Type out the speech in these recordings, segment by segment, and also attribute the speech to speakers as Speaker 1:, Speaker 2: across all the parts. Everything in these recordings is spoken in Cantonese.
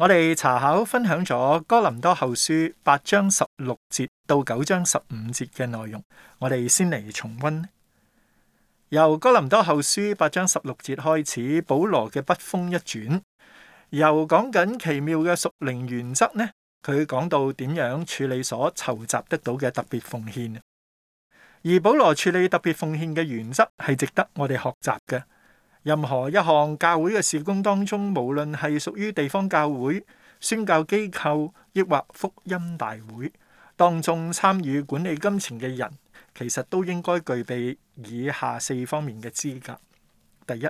Speaker 1: 我哋查考分享咗哥林多後書八章十六節到九章十五節嘅內容，我哋先嚟重溫。由哥林多後書八章十六節開始，保羅嘅筆鋒一轉，由講緊奇妙嘅屬靈原則呢，佢講到點樣處理所籌集得到嘅特別奉獻，而保羅處理特別奉獻嘅原則係值得我哋學習嘅。任何一項教會嘅事工當中，無論係屬於地方教會、宣教機構抑或福音大會當中參與管理金錢嘅人，其實都應該具備以下四方面嘅資格：第一，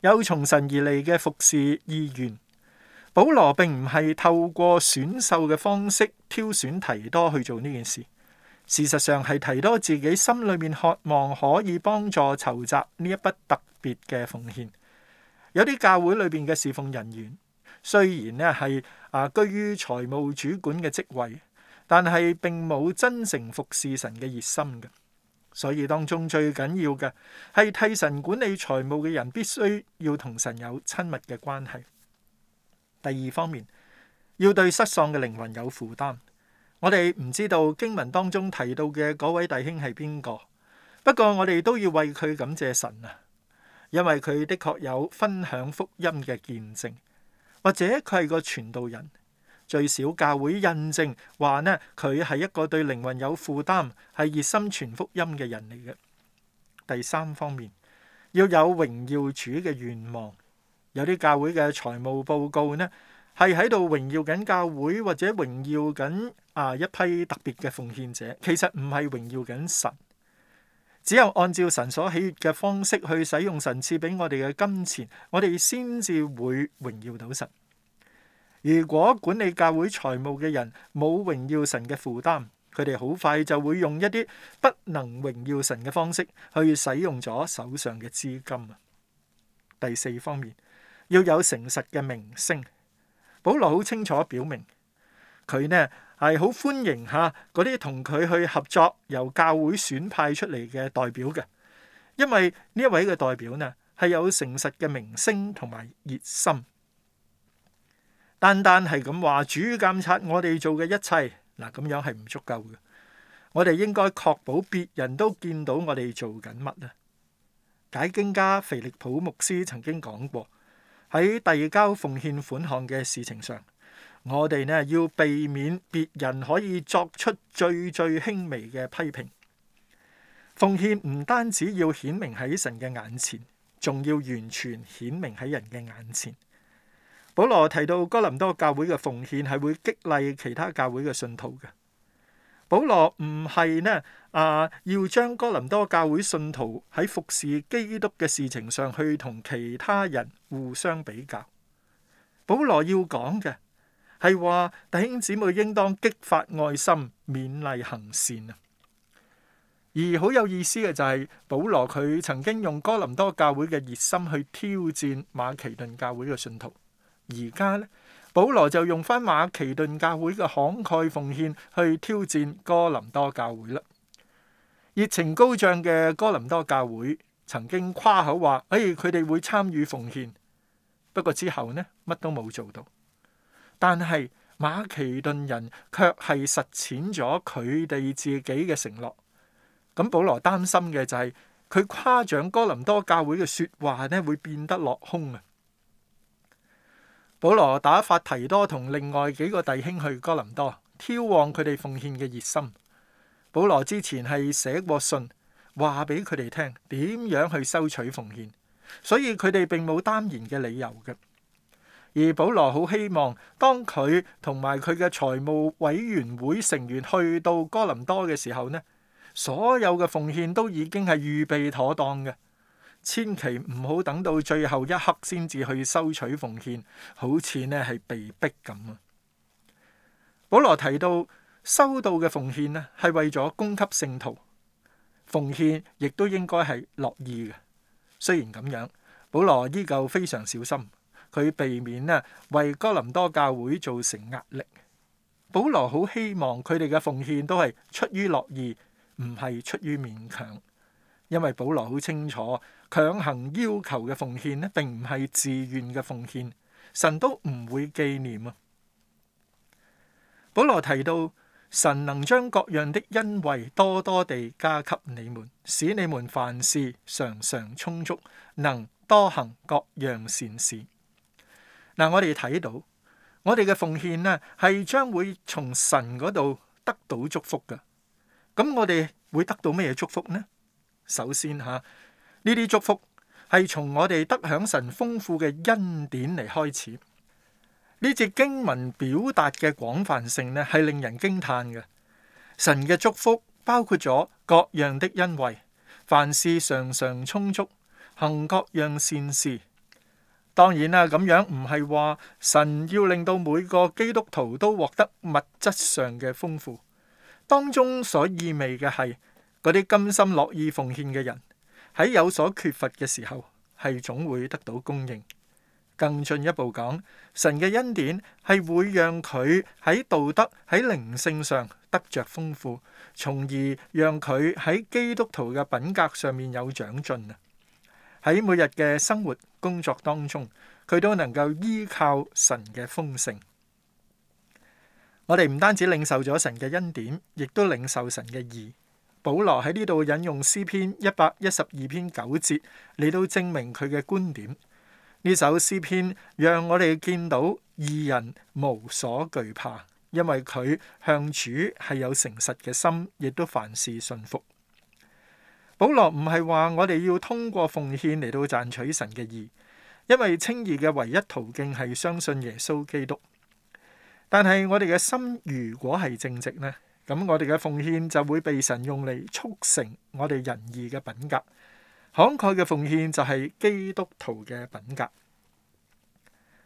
Speaker 1: 有從神而嚟嘅服侍意願。保羅並唔係透過選秀嘅方式挑選提多去做呢件事，事實上係提多自己心裏面渴望可以幫助籌集呢一筆特別嘅奉獻，有啲教會裏邊嘅侍奉人員，雖然呢係啊居於財務主管嘅職位，但係並冇真誠服侍神嘅熱心嘅。所以當中最緊要嘅係替神管理財務嘅人，必須要同神有親密嘅關係。第二方面，要對失喪嘅靈魂有負擔。我哋唔知道經文當中提到嘅嗰位弟兄係邊個，不過我哋都要為佢感謝神啊！因為佢的確有分享福音嘅見證，或者佢係個傳道人，最少教會印證話呢，佢係一個對靈魂有負擔、係熱心傳福音嘅人嚟嘅。第三方面，要有榮耀主嘅願望，有啲教會嘅財務報告呢，係喺度榮耀緊教會或者榮耀緊啊一批特別嘅奉獻者，其實唔係榮耀緊神。只有按照神所喜悅嘅方式去使用神賜俾我哋嘅金錢，我哋先至會榮耀到神。如果管理教會財務嘅人冇榮耀神嘅負擔，佢哋好快就會用一啲不能榮耀神嘅方式去使用咗手上嘅資金。第四方面，要有誠實嘅名聲。保羅好清楚表明，佢呢。係好歡迎吓嗰啲同佢去合作由教會選派出嚟嘅代表嘅，因為呢一位嘅代表呢係有誠實嘅名聲同埋熱心。單單係咁話主監察我哋做嘅一切，嗱，咁樣係唔足夠嘅。我哋應該確保別人都見到我哋做緊乜啦。解經家腓力普牧師曾經講過喺遞交奉獻款項嘅事情上。我哋呢要避免別人可以作出最最輕微嘅批評。奉獻唔單止要顯明喺神嘅眼前，仲要完全顯明喺人嘅眼前。保羅提到哥林多教會嘅奉獻係會激勵其他教會嘅信徒嘅。保羅唔係呢啊、呃，要將哥林多教會信徒喺服侍基督嘅事情上去同其他人互相比較。保羅要講嘅。係話弟兄姊妹應當激發愛心、勉勵行善啊！而好有意思嘅就係、是，保羅佢曾經用哥林多教會嘅熱心去挑戰馬其頓教會嘅信徒，而家呢，保羅就用返馬其頓教會嘅慷慨奉獻去挑戰哥林多教會啦。熱情高漲嘅哥林多教會曾經誇口話，哎，佢哋會參與奉獻，不過之後呢，乜都冇做到。但係馬其頓人卻係實踐咗佢哋自己嘅承諾，咁保羅擔心嘅就係、是、佢誇獎哥林多教會嘅説話呢會變得落空啊！保羅打發提多同另外幾個弟兄去哥林多，挑旺佢哋奉獻嘅熱心。保羅之前係寫過信話俾佢哋聽點樣去收取奉獻，所以佢哋並冇擔言嘅理由嘅。而保羅好希望，當佢同埋佢嘅財務委員會成員去到哥林多嘅時候呢，所有嘅奉獻都已經係預備妥當嘅，千祈唔好等到最後一刻先至去收取奉獻，好似呢係被逼咁啊！保羅提到收到嘅奉獻呢，係為咗供給聖徒，奉獻亦都應該係樂意嘅。雖然咁樣，保羅依舊非常小心。佢避免呢為哥林多教會造成壓力。保羅好希望佢哋嘅奉獻都係出於樂意，唔係出於勉強，因為保羅好清楚強行要求嘅奉獻呢並唔係自願嘅奉獻，神都唔會紀念啊。保羅提到，神能將各樣的恩惠多多地加給你們，使你們凡事常常充足，能多行各樣善事。但我哋睇到，我哋嘅奉獻咧，係將會從神嗰度得到祝福嘅。咁我哋會得到咩嘢祝福呢？首先嚇，呢、啊、啲祝福係從我哋得享神豐富嘅恩典嚟開始。呢節經文表達嘅廣泛性咧，係令人驚歎嘅。神嘅祝福包括咗各樣的恩惠，凡事常常充足，行各樣善事。當然啦，咁樣唔係話神要令到每個基督徒都獲得物質上嘅豐富，當中所意味嘅係嗰啲甘心樂意奉獻嘅人，喺有所缺乏嘅時候係總會得到供應。更進一步講，神嘅恩典係會讓佢喺道德、喺靈性上得着豐富，從而讓佢喺基督徒嘅品格上面有長進啊！喺每日嘅生活工作當中，佢都能夠依靠神嘅豐盛。我哋唔單止領受咗神嘅恩典，亦都領受神嘅義。保羅喺呢度引用詩篇一百一十二篇九節，嚟到證明佢嘅觀點。呢首詩篇讓我哋見到義人無所懼怕，因為佢向主係有誠實嘅心，亦都凡事信服。保羅唔係話我哋要通過奉獻嚟到賺取神嘅義，因為稱義嘅唯一途徑係相信耶穌基督。但係我哋嘅心如果係正直呢，咁我哋嘅奉獻就會被神用嚟促成我哋仁義嘅品格。慷慨嘅奉獻就係基督徒嘅品格。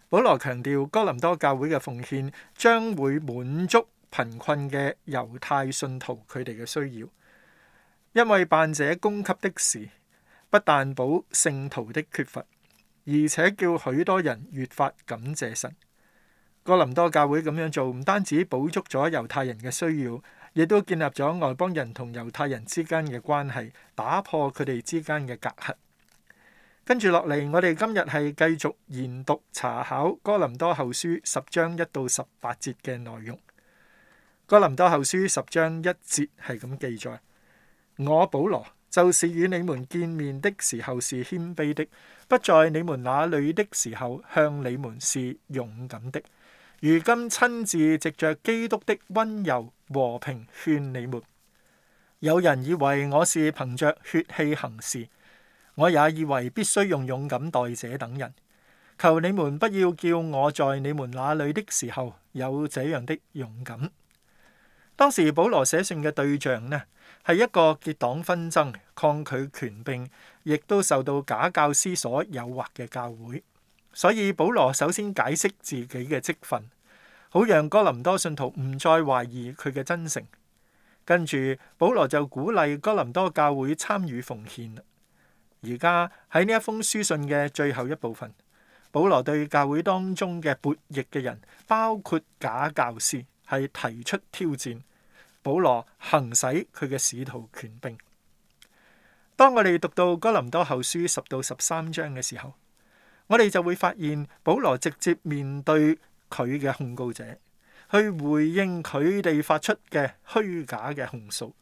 Speaker 1: 保羅強調哥林多教會嘅奉獻將會滿足貧困嘅猶太信徒佢哋嘅需要。因為辦者供給的事，不但補聖徒的缺乏，而且叫許多人越發感謝神。哥林多教會咁樣做，唔單止補足咗猶太人嘅需要，亦都建立咗外邦人同猶太人之間嘅關係，打破佢哋之間嘅隔閡。跟住落嚟，我哋今日係繼續研讀查考哥林多後書十章一到十八節嘅內容。哥林多後書十章一節係咁記載。我保羅就是與你們見面的時候是謙卑的，不在你們那裡的時候向你們是勇敢的。如今親自藉着基督的溫柔和平勸你們。有人以為我是憑着血氣行事，我也以為必須用勇敢待這等人。求你們不要叫我在你們那裡的時候有這樣的勇敢。當時保羅寫信嘅對象呢，係一個結黨紛爭、抗拒權柄，亦都受到假教師所誘惑嘅教會。所以保羅首先解釋自己嘅職份，好讓哥林多信徒唔再懷疑佢嘅真誠。跟住保羅就鼓勵哥林多教會參與奉獻。而家喺呢一封書信嘅最後一部分，保羅對教會當中嘅悖逆嘅人，包括假教師。係提出挑戰，保羅行使佢嘅使徒權柄。當我哋讀到哥林多後書十到十三章嘅時候，我哋就會發現保羅直接面對佢嘅控告者，去回應佢哋發出嘅虛假嘅控訴。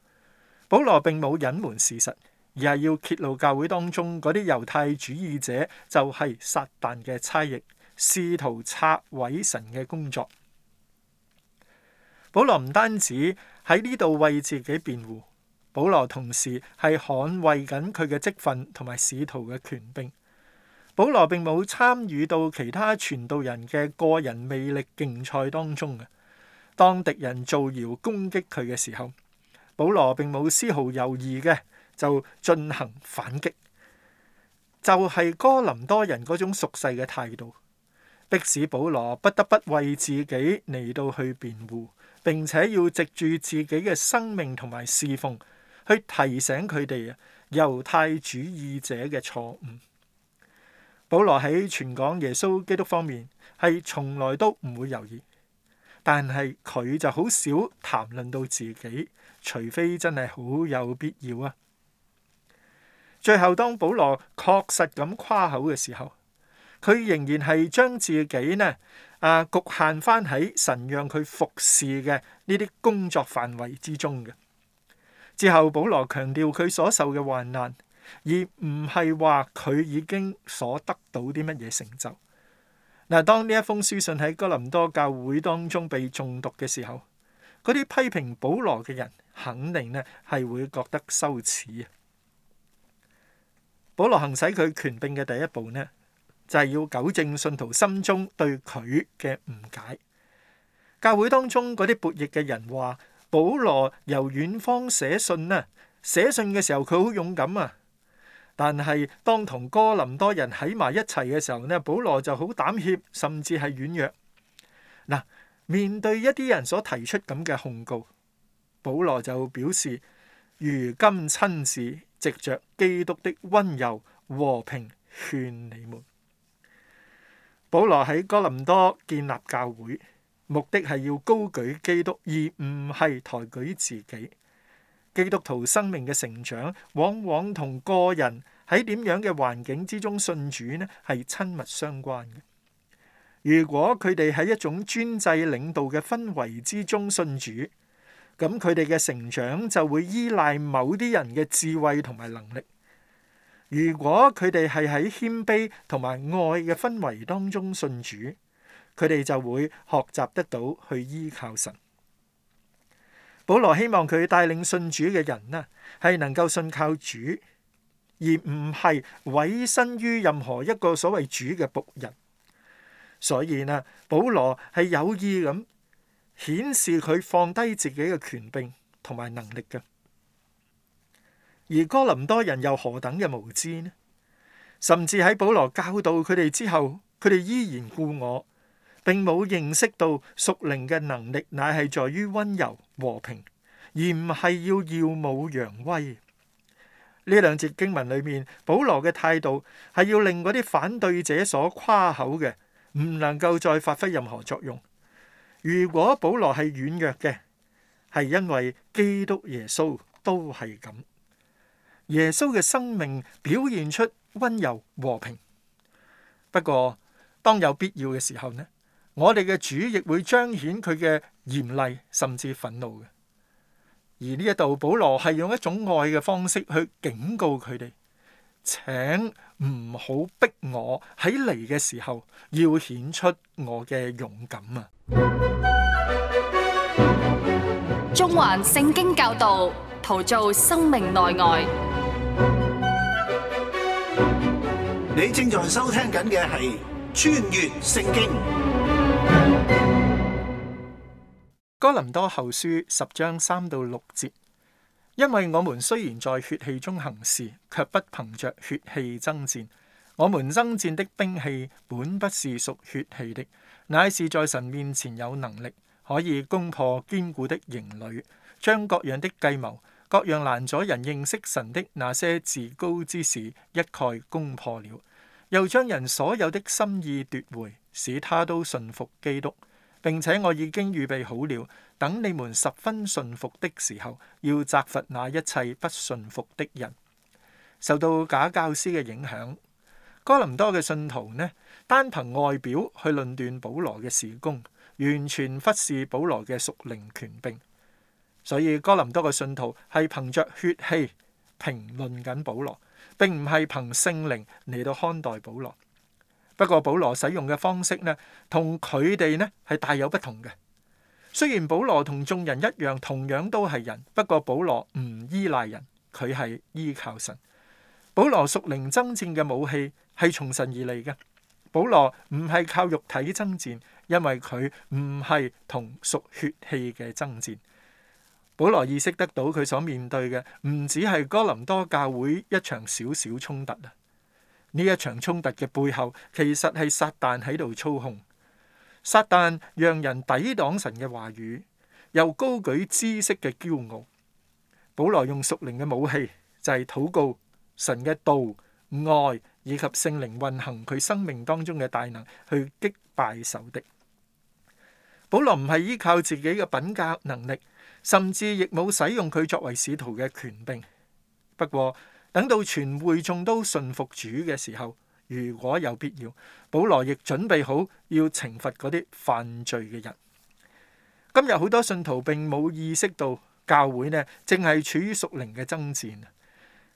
Speaker 1: 保羅並冇隱瞞事實，而係要揭露教會當中嗰啲猶太主義者就係撒但嘅差役，試圖拆毀神嘅工作。保羅唔單止喺呢度為自己辯護，保羅同時係捍衛緊佢嘅職分同埋使徒嘅權柄。保羅並冇參與到其他傳道人嘅個人魅力競賽當中嘅。當敵人造謠攻擊佢嘅時候，保羅並冇絲毫猶豫嘅就進行反擊，就係、是、哥林多人嗰種熟悉嘅態度，迫使保羅不得不為自己嚟到去辯護。並且要藉住自己嘅生命同埋侍奉，去提醒佢哋啊猶太主義者嘅錯誤。保羅喺傳講耶穌基督方面係從來都唔會猶豫，但係佢就好少談論到自己，除非真係好有必要啊。最後當保羅確實咁誇口嘅時候，佢仍然係將自己呢啊侷限翻喺神讓佢服侍嘅呢啲工作範圍之中嘅。之後，保羅強調佢所受嘅患難，而唔係話佢已經所得到啲乜嘢成就。嗱，當呢一封書信喺哥林多教會當中被中讀嘅時候，嗰啲批評保羅嘅人肯定呢係會覺得羞恥。保羅行使佢權柄嘅第一步呢，就係要糾正信徒心中對佢嘅誤解。教會當中嗰啲叛逆嘅人話：保羅由遠方寫信啊，寫信嘅時候佢好勇敢啊。但係當同哥林多人喺埋一齊嘅時候咧，保羅就好膽怯，甚至係軟弱。嗱，面對一啲人所提出咁嘅控告，保羅就表示：如今親自藉着基督的溫柔和平勸你們。保羅喺哥林多建立教會，目的係要高舉基督，而唔係抬舉自己。基督徒生命嘅成長，往往同個人喺點樣嘅環境之中信主呢，係親密相關嘅。如果佢哋喺一種專制領導嘅氛圍之中信主，咁佢哋嘅成長就會依賴某啲人嘅智慧同埋能力。如果佢哋係喺謙卑同埋愛嘅氛圍當中信主，佢哋就會學習得到去依靠神。保羅希望佢帶領信主嘅人呢，係能夠信靠主，而唔係委身於任何一個所謂主嘅僕人。所以呢，保羅係有意咁顯示佢放低自己嘅權柄同埋能力嘅。而哥林多人又何等嘅無知呢？甚至喺保羅教導佢哋之後，佢哋依然故我，並冇認識到屬靈嘅能力乃係在於溫柔和平，而唔係要耀武揚威。呢兩節經文裏面，保羅嘅態度係要令嗰啲反對者所誇口嘅唔能夠再發揮任何作用。如果保羅係軟弱嘅，係因為基督耶穌都係咁。耶穌嘅生命表現出溫柔和平，不過當有必要嘅時候呢，我哋嘅主亦會彰顯佢嘅嚴厲甚至憤怒嘅。而呢一度保羅係用一種愛嘅方式去警告佢哋，請唔好逼我喺嚟嘅時候要顯出我嘅勇敢啊！中環聖經教導，陶造生命內外。你正在收聽緊嘅係《穿越聖經》哥林多後書十章三到六節，因為我們雖然在血氣中行事，卻不憑着血氣爭戰。我們爭戰的兵器本不是屬血氣的，乃是在神面前有能力，可以攻破堅固的營壘，將各樣的計謀，各樣攔阻人認識神的那些自高之事一概攻破了；又將人所有的心意奪回，使他都順服基督，並且我已經預備好了，等你們十分順服的時候，要責罰那一切不順服的人。受到假教師嘅影響，哥林多嘅信徒呢，單憑外表去論斷保羅嘅事工，完全忽視保羅嘅屬靈權柄。所以哥林多嘅信徒係憑着血氣評論緊保羅，並唔係憑聖靈嚟到看待保羅。不過保羅使用嘅方式呢，同佢哋呢，係大有不同嘅。雖然保羅同眾人一樣同樣都係人，不過保羅唔依賴人，佢係依靠神。保羅屬靈爭戰嘅武器，係從神而嚟嘅。保羅唔係靠肉體爭戰，因為佢唔係同屬血氣嘅爭戰。保羅意識得到佢所面對嘅唔止係哥林多教會一場小小衝突啊！呢一場衝突嘅背後，其實係撒旦喺度操控。撒旦讓人抵擋神嘅話語，又高舉知識嘅驕傲。保羅用屬靈嘅武器，就係、是、禱告、神嘅道、愛以及聖靈運行佢生命當中嘅大能，去擊敗仇敵。保羅唔係依靠自己嘅品格能力。甚至亦冇使用佢作為使徒嘅權柄。不過，等到全會眾都信服主嘅時候，如果有必要，保羅亦準備好要懲罰嗰啲犯罪嘅人。今日好多信徒並冇意識到，教會呢正係處於屬靈嘅爭戰。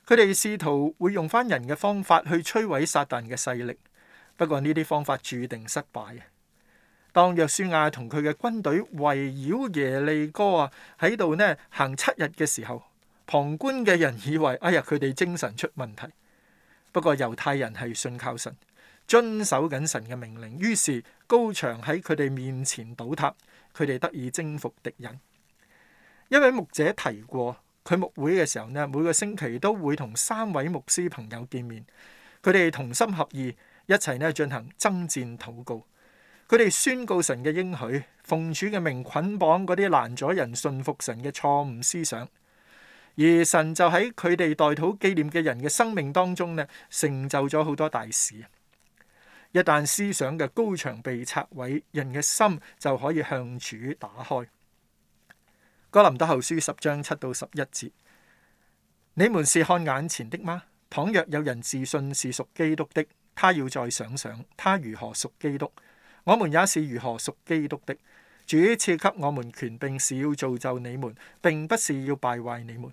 Speaker 1: 佢哋試圖會用返人嘅方法去摧毀撒旦嘅勢力。不過呢啲方法注定失敗。當約書亞同佢嘅軍隊圍繞耶利哥啊，喺度呢行七日嘅時候，旁觀嘅人以為哎呀佢哋精神出問題。不過猶太人係信靠神，遵守緊神嘅命令，於是高牆喺佢哋面前倒塌，佢哋得以征服敵人。一位牧者提過，佢牧會嘅時候呢，每個星期都會同三位牧師朋友見面，佢哋同心合意一齊呢進行爭戰禱告。佢哋宣告神嘅應許，奉主嘅命捆綁嗰啲攔阻人信服神嘅錯誤思想，而神就喺佢哋代禱記念嘅人嘅生命當中咧，成就咗好多大事。一旦思想嘅高牆被拆毀，人嘅心就可以向主打開。哥林多後書十章七到十一節：你們是看眼前的嗎？倘若有人自信是屬基督的，他要再想想他如何屬基督。我們也是如何屬基督的，主賜給我們權柄是要造就你們，並不是要敗壞你們。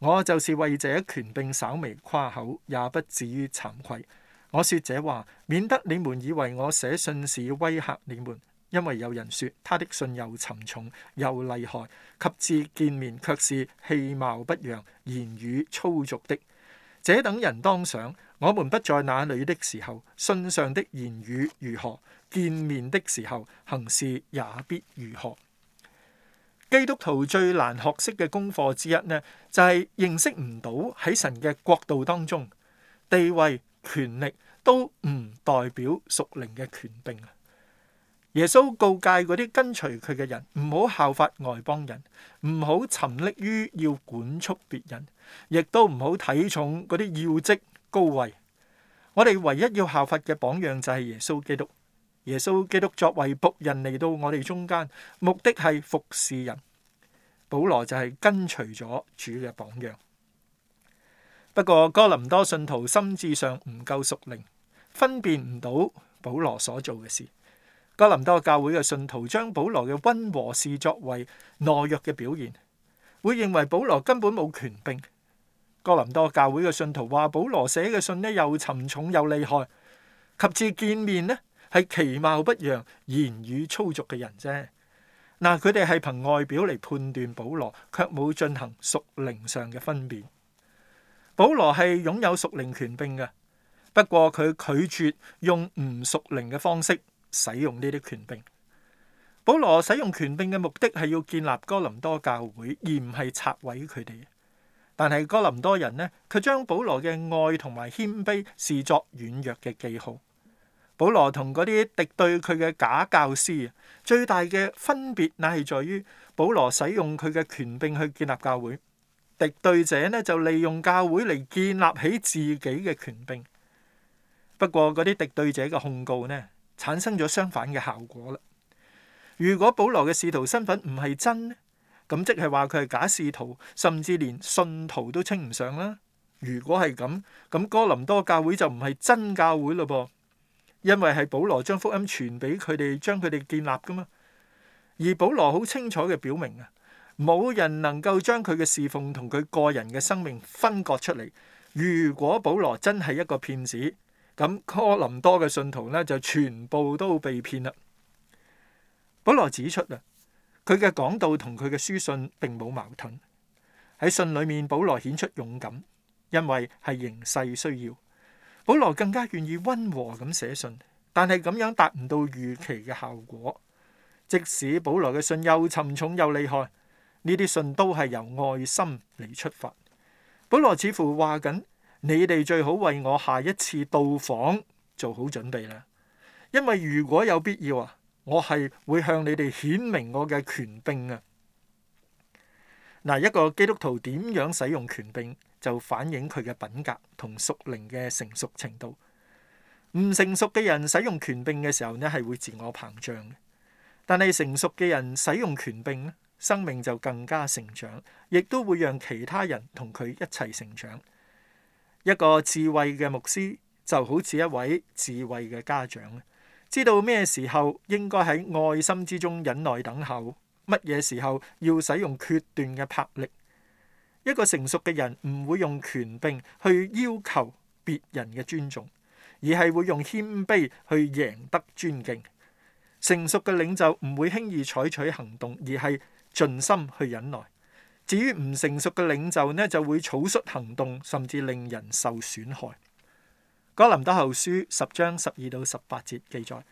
Speaker 1: 我就是為這權柄稍微誇口，也不至於慚愧。我說這話，免得你們以為我寫信是要威嚇你們，因為有人說他的信又沉重又厲害，及至見面卻是氣貌不揚、言語粗俗的。這等人當想。我們不在那裡的時候，信上的言語如何，見面的時候，行事也必如何。基督徒最難學識嘅功課之一呢，就係、是、認識唔到喺神嘅國度當中，地位、權力都唔代表屬靈嘅權柄。耶穌告誡嗰啲跟隨佢嘅人，唔好效法外邦人，唔好沉溺於要管束別人，亦都唔好睇重嗰啲要職。高位，我哋唯一要效法嘅榜樣就係耶穌基督。耶穌基督作為僕人嚟到我哋中間，目的係服侍人。保羅就係跟隨咗主嘅榜樣。不過哥林多信徒心智上唔夠熟靈，分辨唔到保羅所做嘅事。哥林多教會嘅信徒將保羅嘅溫和視作為懦弱嘅表現，會認為保羅根本冇權柄。哥林多教會嘅信徒話：保羅寫嘅信呢又沉重又厲害，及至見面呢係其貌不揚、言語粗俗嘅人啫。嗱，佢哋係憑外表嚟判斷保羅，卻冇進行屬靈上嘅分辨。保羅係擁有屬靈權柄嘅，不過佢拒絕用唔屬靈嘅方式使用呢啲權柄。保羅使用權柄嘅目的係要建立哥林多教會，而唔係拆毀佢哋。但係哥林多人呢，佢將保羅嘅愛同埋謙卑視作軟弱嘅記號。保羅同嗰啲敵對佢嘅假教師最大嘅分別乃係在於保羅使用佢嘅權柄去建立教會，敵對者呢，就利用教會嚟建立起自己嘅權柄。不過嗰啲敵對者嘅控告呢，產生咗相反嘅效果啦。如果保羅嘅使徒身份唔係真咁即係話佢係假使徒，甚至連信徒都稱唔上啦。如果係咁，咁哥林多教會就唔係真教會嘞噃，因為係保羅將福音傳俾佢哋，將佢哋建立噶嘛。而保羅好清楚嘅表明啊，冇人能夠將佢嘅侍奉同佢個人嘅生命分割出嚟。如果保羅真係一個騙子，咁哥林多嘅信徒呢，就全部都被騙啦。保羅指出啊。佢嘅講道同佢嘅書信並冇矛盾。喺信裏面，保羅顯出勇敢，因為係形勢需要。保羅更加願意温和咁寫信，但係咁樣達唔到預期嘅效果。即使保羅嘅信又沉重又厲害，呢啲信都係由愛心嚟出發。保羅似乎話緊：你哋最好為我下一次到訪做好準備啦，因為如果有必要啊。我係會向你哋顯明我嘅權柄啊！嗱，一個基督徒點樣使用權柄，就反映佢嘅品格同屬靈嘅成熟程度。唔成熟嘅人使用權柄嘅時候呢，係會自我膨脹。但係成熟嘅人使用權柄，生命就更加成長，亦都會讓其他人同佢一齊成長。一個智慧嘅牧師，就好似一位智慧嘅家長。知道咩時候應該喺愛心之中忍耐等候，乜嘢時候要使用決斷嘅魄力。一個成熟嘅人唔會用權柄去要求別人嘅尊重，而係會用謙卑去贏得尊敬。成熟嘅領袖唔會輕易採取行動，而係盡心去忍耐。至於唔成熟嘅領袖呢，就會草率行動，甚至令人受損害。《哥林多後書》十章十二到十八節記載：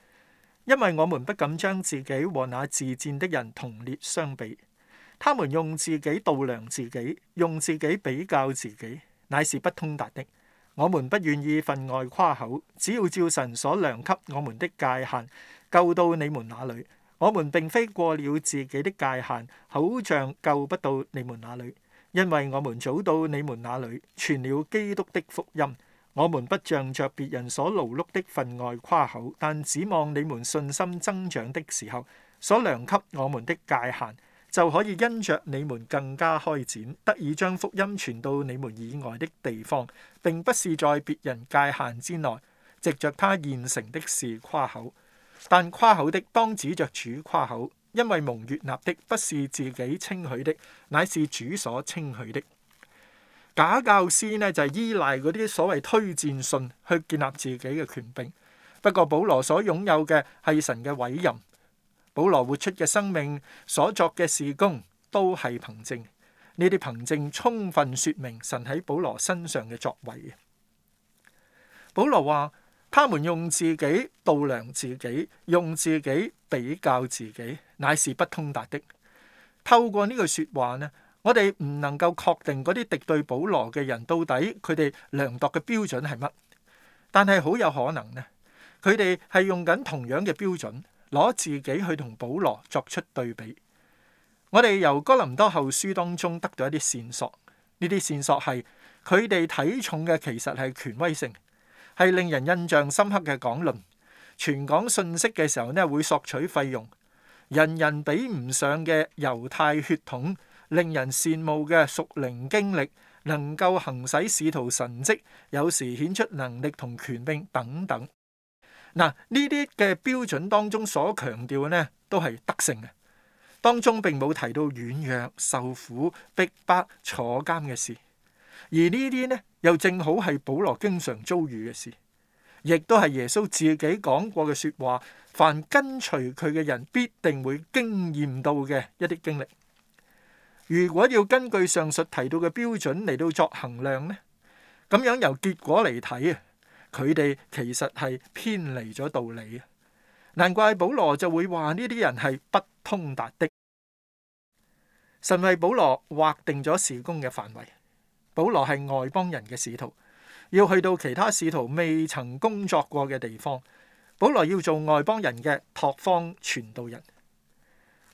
Speaker 1: 因為我們不敢將自己和那自薦的人同列相比，他們用自己度量自己，用自己比較自己，乃是不通達的。我們不願意分外誇口，只要照神所量給我們的界限，救到你們那裏。我們並非過了自己的界限，好像救不到你們那裏，因為我們早到你們那裏，傳了基督的福音。我們不仗着別人所勞碌的份外誇口，但指望你們信心增長的時候，所量給我們的界限，就可以因着你們更加開展，得以將福音傳到你們以外的地方，並不是在別人界限之內，藉着他現成的事誇口。但誇口的當指着主誇口，因為蒙悅納的不是自己稱許的，乃是主所稱許的。假教師呢就係、是、依賴嗰啲所謂推薦信去建立自己嘅權柄。不過保羅所擁有嘅係神嘅委任，保羅活出嘅生命、所作嘅事工都係憑證。呢啲憑證充分説明神喺保羅身上嘅作為。保羅話：他們用自己度量自己，用自己比較自己，乃是不通達的。透過呢句説話呢，我哋唔能夠確定嗰啲敵對保羅嘅人到底佢哋量度嘅標準係乜，但係好有可能呢佢哋係用緊同樣嘅標準攞自己去同保羅作出對比。我哋由哥林多後書當中得到一啲線索，呢啲線索係佢哋睇重嘅其實係權威性，係令人印象深刻嘅講論。傳講信息嘅時候呢，會索取費用，人人比唔上嘅猶太血統。令人羨慕嘅屬靈經歷，能夠行使使徒神蹟，有時顯出能力同權柄等等。嗱，呢啲嘅標準當中所強調嘅呢，都係得勝嘅，當中並冇提到軟弱、受苦、逼迫、坐監嘅事。而呢啲呢，又正好係保羅經常遭遇嘅事，亦都係耶穌自己講過嘅説話，凡跟隨佢嘅人必定會經驗到嘅一啲經歷。如果要根據上述提到嘅標準嚟到作衡量呢，咁樣由結果嚟睇啊，佢哋其實係偏離咗道理啊！難怪保羅就會話呢啲人係不通達的。神為保羅劃定咗事工嘅範圍，保羅係外邦人嘅使徒，要去到其他使徒未曾工作過嘅地方。保羅要做外邦人嘅拓荒傳道人。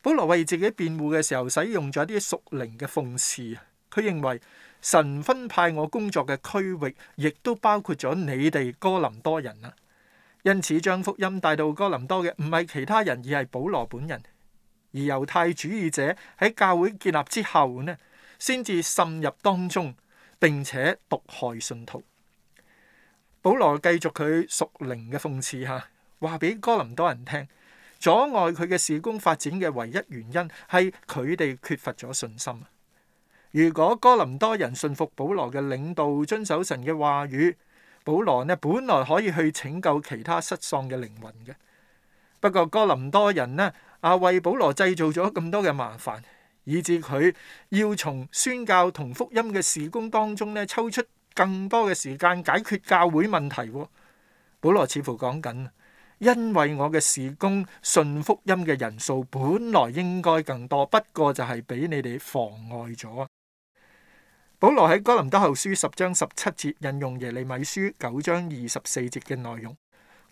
Speaker 1: 保羅為自己辯護嘅時候，使用咗啲屬靈嘅諷刺。佢認為神分派我工作嘅區域，亦都包括咗你哋哥林多人啦。因此，將福音帶到哥林多嘅唔係其他人，而係保羅本人。而猶太主義者喺教會建立之後呢，先至滲入當中，並且毒害信徒。保羅繼續佢屬靈嘅諷刺下話俾哥林多人聽。阻礙佢嘅事工發展嘅唯一原因係佢哋缺乏咗信心。如果哥林多人信服保羅嘅領導，遵守神嘅話語，保羅呢本來可以去拯救其他失喪嘅靈魂嘅。不過哥林多人呢啊為保羅製造咗咁多嘅麻煩，以致佢要從宣教同福音嘅事工當中呢抽出更多嘅時間解決教會問題。保羅似乎講緊。因為我嘅事工，信福音嘅人數本來應該更多，不過就係俾你哋妨礙咗。保羅喺哥林多後書十章十七節引用耶利米書九章二十四節嘅內容，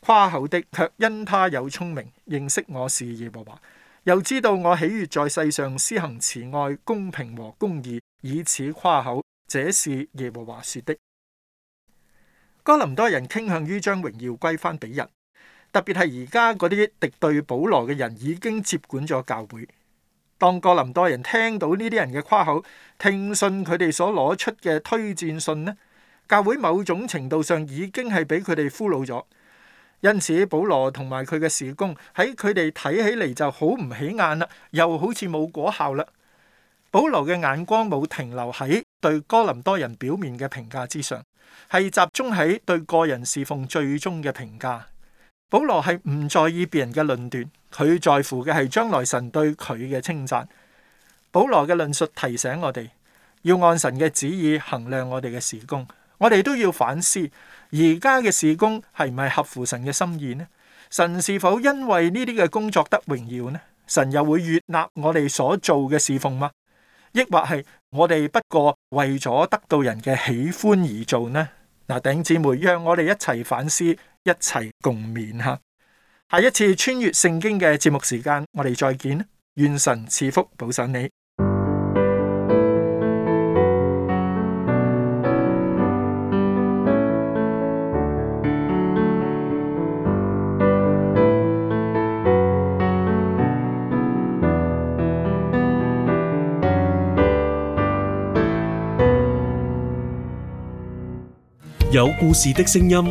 Speaker 1: 誇口的卻因他有聰明，認識我是耶和華，又知道我喜悅在世上施行慈愛、公平和公義，以此誇口。這是耶和華說的。哥林多人傾向於將榮耀歸返俾人。特別係而家嗰啲敵對保羅嘅人已經接管咗教會。當哥林多人聽到呢啲人嘅誇口，聽信佢哋所攞出嘅推薦信呢，教會某種程度上已經係俾佢哋俘虜咗。因此，保羅同埋佢嘅事工喺佢哋睇起嚟就好唔起眼啦，又好似冇果效啦。保羅嘅眼光冇停留喺對哥林多人表面嘅評價之上，係集中喺對個人侍奉最終嘅評價。保羅係唔在意別人嘅論斷，佢在乎嘅係將來神對佢嘅稱讚。保羅嘅論述提醒我哋，要按神嘅旨意衡量我哋嘅事工。我哋都要反思，而家嘅事工係唔係合乎神嘅心意呢？神是否因為呢啲嘅工作得榮耀呢？神又會悅納我哋所做嘅侍奉嗎？抑或係我哋不過為咗得到人嘅喜歡而做呢？嗱，弟兄姊妹，讓我哋一齊反思。一齊共勉哈！下一次穿越聖經嘅節目時間，我哋再見。願神賜福保守你。有故事的聲音。